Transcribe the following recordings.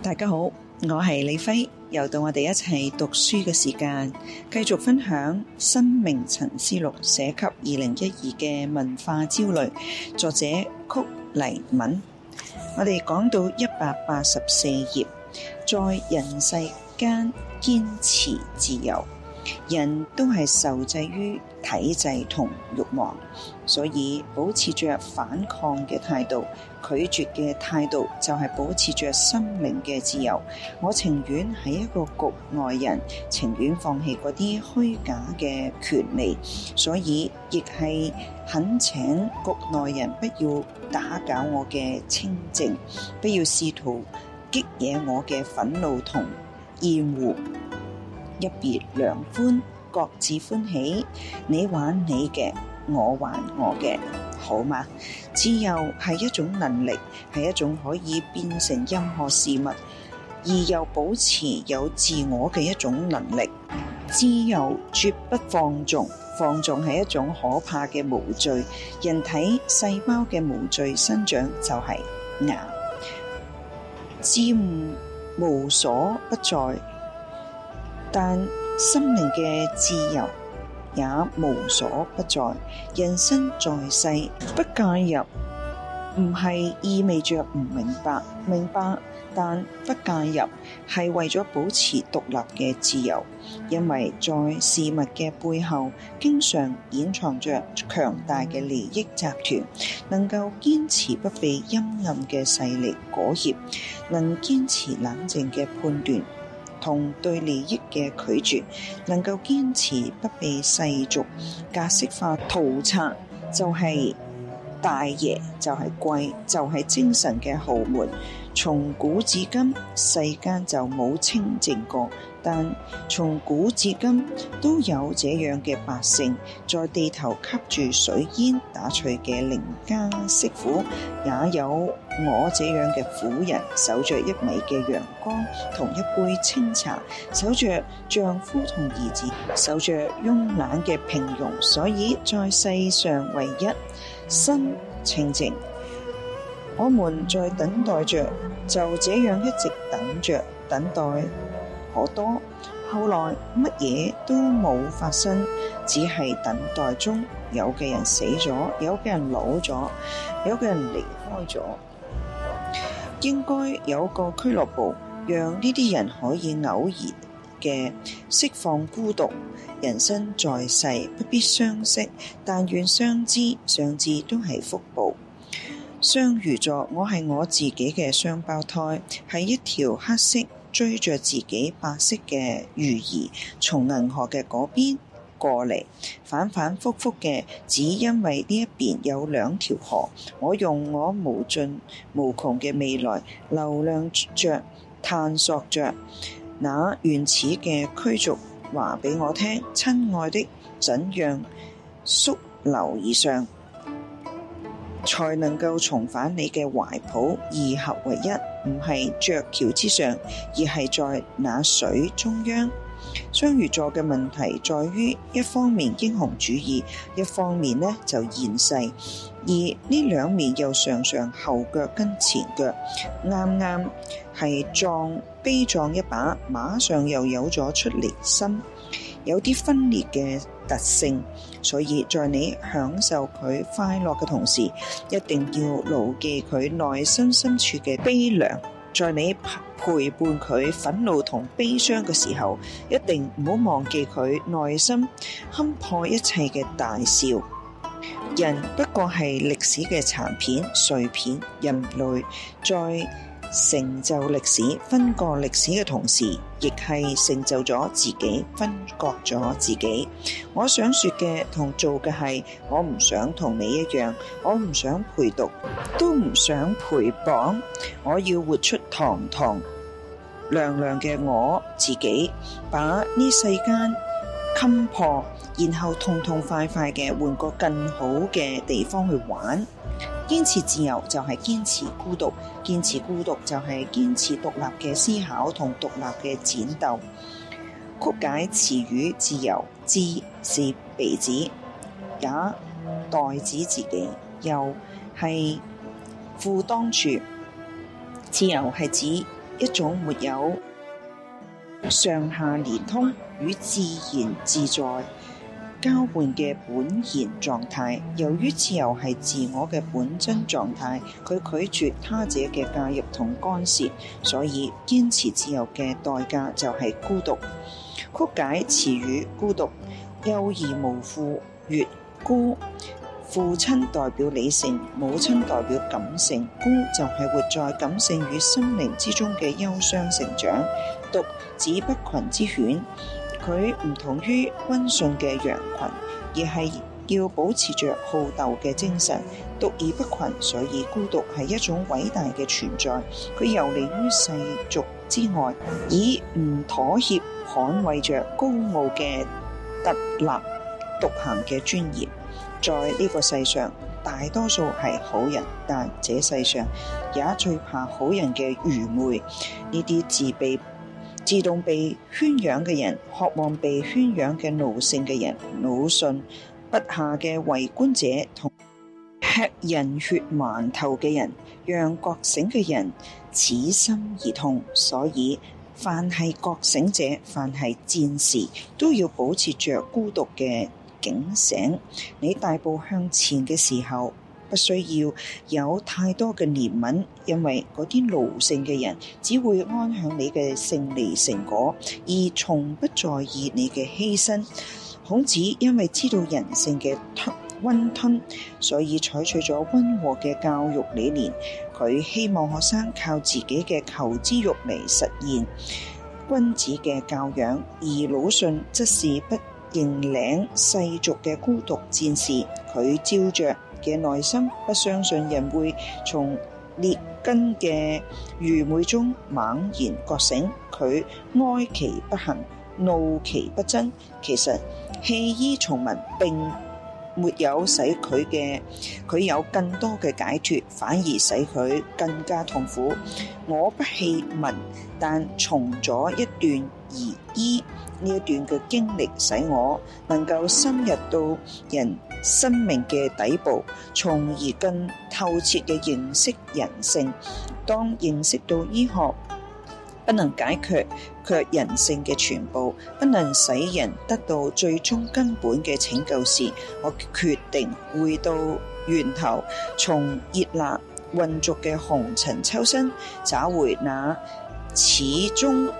大家好，我係李輝，又到我哋一齊讀書嘅時間，繼續分享《生命沉思錄》寫給二零一二嘅文化焦慮，作者曲黎敏。我哋講到一百八十四頁，在人世間堅持自由。人都係受制於體制同欲望，所以保持着反抗嘅態度，拒絕嘅態度，就係、是、保持着心靈嘅自由。我情願係一個局外人，情願放棄嗰啲虛假嘅權利，所以亦係懇請局內人不要打攪我嘅清靜，不要試圖激惹我嘅憤怒同厭惡。一別兩寬，各自歡喜。你玩你嘅，我玩我嘅，好嗎？自由係一種能力，係一種可以變成任何事物，而又保持有自我嘅一種能力。自由絕不放縱，放縱係一種可怕嘅無罪。人體細胞嘅無罪生長就係癌。癌無所不在。但心靈嘅自由也無所不在。人生在世，不介入唔係意味着唔明白明白，但不介入係為咗保持獨立嘅自由。因為在事物嘅背後，經常隱藏着強大嘅利益集團。能夠堅持不被陰暗嘅勢力裹挾，能堅持冷靜嘅判斷。同對利益嘅拒絕，能夠堅持不被世俗格式化屠殺，就係、是、大爺，就係、是、貴，就係、是、精神嘅豪門。從古至今，世間就冇清靜過。但從古至今都有這樣嘅百姓，在地頭吸住水煙打趣嘅鄰家媳婦，也有我這樣嘅婦人，守着一米嘅陽光，同一杯清茶，守着丈夫同兒子，守着慵懶嘅平庸，所以在世上唯一心清靜，我們在等待着，就這樣一直等着，等待。可多，後來乜嘢都冇發生，只係等待中。有嘅人死咗，有嘅人老咗，有嘅人離開咗。應該有個俱樂部，讓呢啲人可以偶然嘅釋放孤獨。人生在世，不必相識，但願相知，相知都係福報。雙魚座，我係我自己嘅雙胞胎，係一條黑色。追着自己白色嘅魚兒，從銀河嘅嗰邊過嚟，反反复复嘅，只因為呢一邊有兩條河。我用我無盡無窮嘅未來，流量著探索著那原始嘅驅逐，話俾我聽，親愛的，怎樣溯流而上？才能夠重返你嘅懷抱，二合為一，唔係鵲橋之上，而係在那水中央。雙魚座嘅問題在於，一方面英雄主義，一方面呢就現世，而呢兩面又常常後腳跟前腳，啱啱係撞悲壯一把，馬上又有咗出離心，有啲分裂嘅。特性，所以在你享受佢快樂嘅同時，一定要牢記佢內心深處嘅悲涼。在你陪伴佢憤怒同悲傷嘅時候，一定唔好忘記佢內心堪破一切嘅大笑。人不過係歷史嘅殘片、碎片，人類在成就歷史、分割歷史嘅同時，亦係成就咗自己、分割咗自己。我想說嘅同做嘅係，我唔想同你一樣，我唔想陪讀，都唔想陪綁，我要活出堂堂亮亮嘅我自己，把呢世間冚破，然後痛痛快快嘅換個更好嘅地方去玩。堅持自由就係、是、堅持孤獨，堅持孤獨就係、是、堅持獨立嘅思考同獨立嘅戰鬥。曲解詞語，自由自字是鼻子，也代指自己。又係負當處，自由係指一種沒有上下連通與自然自在。交換嘅本然狀態，由於自由係自我嘅本真狀態，佢拒絕他者嘅介入同干涉，所以堅持自由嘅代價就係孤獨。曲解詞語：孤獨，幼而無父，月孤。父親代表理性，母親代表感性。孤就係活在感性與心靈之中嘅憂傷成長。獨子不群之犬。佢唔同於温順嘅羊群，而係要保持著好鬥嘅精神，獨而不群，所以孤獨係一種偉大嘅存在。佢游離於世俗之外，以唔妥協捍衞着高傲嘅特立獨行嘅尊嚴。在呢個世上，大多數係好人，但這世上也最怕好人嘅愚昧呢啲自卑。自動被圈養嘅人，渴望被圈養嘅奴性嘅人，魯迅筆下嘅圍觀者同吃人血饅頭嘅人，讓覺醒嘅人此心而痛。所以，凡係覺醒者，凡係戰士，都要保持著孤獨嘅警醒。你大步向前嘅時候，不需要有太多嘅憐憫，因為嗰啲奴性嘅人只會安享你嘅勝利成果，而從不在意你嘅犧牲。孔子因為知道人性嘅吞溫吞，所以採取咗溫和嘅教育理念。佢希望學生靠自己嘅求知欲嚟實現君子嘅教養，而魯迅則是不認領世俗嘅孤獨戰士。佢照着。嘅內心不相信人會從劣根嘅愚昧中猛然覺醒，佢哀其不幸，怒其不爭。其實棄醫從文並沒有使佢嘅佢有更多嘅解脫，反而使佢更加痛苦。我不棄文，但從咗一段而醫呢一段嘅經歷，使我能夠深入到人。生命嘅底部，從而更透徹嘅認識人性。當認識到醫學不能解決卻人性嘅全部，不能使人得到最終根本嘅拯救時，我決定回到源頭，從熱辣混濁嘅紅塵抽身，找回那始終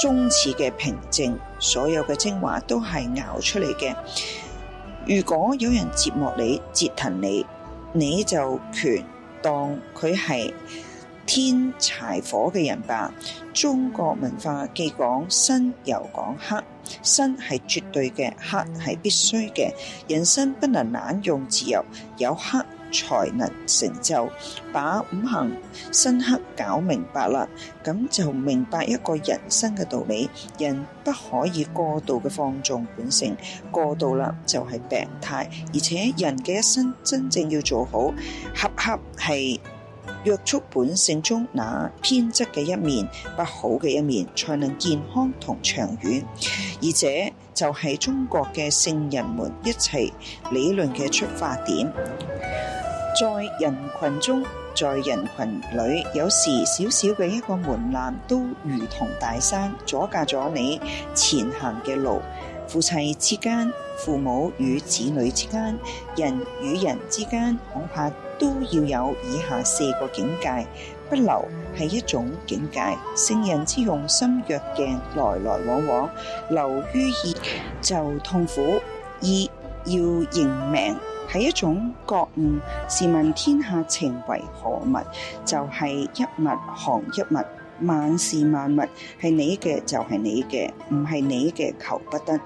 終始嘅平靜。所有嘅精華都係熬出嚟嘅。如果有人折磨你、折騰你，你就權當佢係天柴火嘅人吧。中國文化既講生又講黑，生係絕對嘅，黑係必須嘅。人生不能濫用自由，有黑。才能成就，把五行深刻搞明白啦，咁就明白一個人生嘅道理。人不可以過度嘅放縱本性，過度啦就係病態。而且人嘅一生真正要做好恰恰係約束本性中那偏執嘅一面、不好嘅一面，才能健康同長遠。而且就係中國嘅聖人們一切理論嘅出發點。在人群中，在人群裏，有時小小嘅一個門檻，都如同大山，阻隔咗你前行嘅路。夫妻之間、父母與子女之間、人與人之間，恐怕都要有以下四個境界：不留係一種境界，聖人之用心若鏡，來來往往，留於二就痛苦；二要認命。係一種覺悟，試問天下情為何物？就係一物降一物，萬事萬物，係你嘅就係你嘅，唔係你嘅求不得。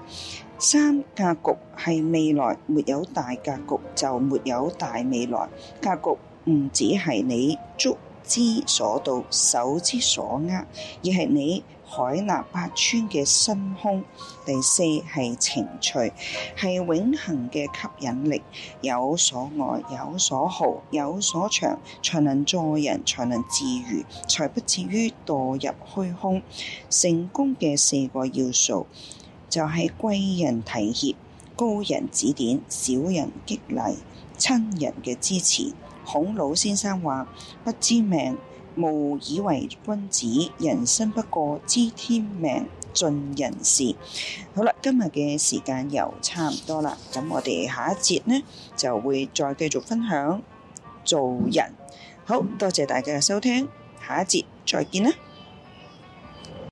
三格局係未來，沒有大格局就沒有大未來。格局唔只係你足之所到、手之所握，而係你。海納百川嘅心胸，第四係情趣，係永恆嘅吸引力。有所愛，有所好，有所長，才能助人，才能自如，才不至於墮入虛空。成功嘅四個要素，就係、是、貴人提携、高人指點、小人激勵、親人嘅支持。孔老先生話：不知命。無以為君子，人生不過知天命，盡人事。好啦，今日嘅時間又差唔多啦，咁我哋下一節呢就會再繼續分享做人。好多謝大家嘅收聽，下一節再見啦。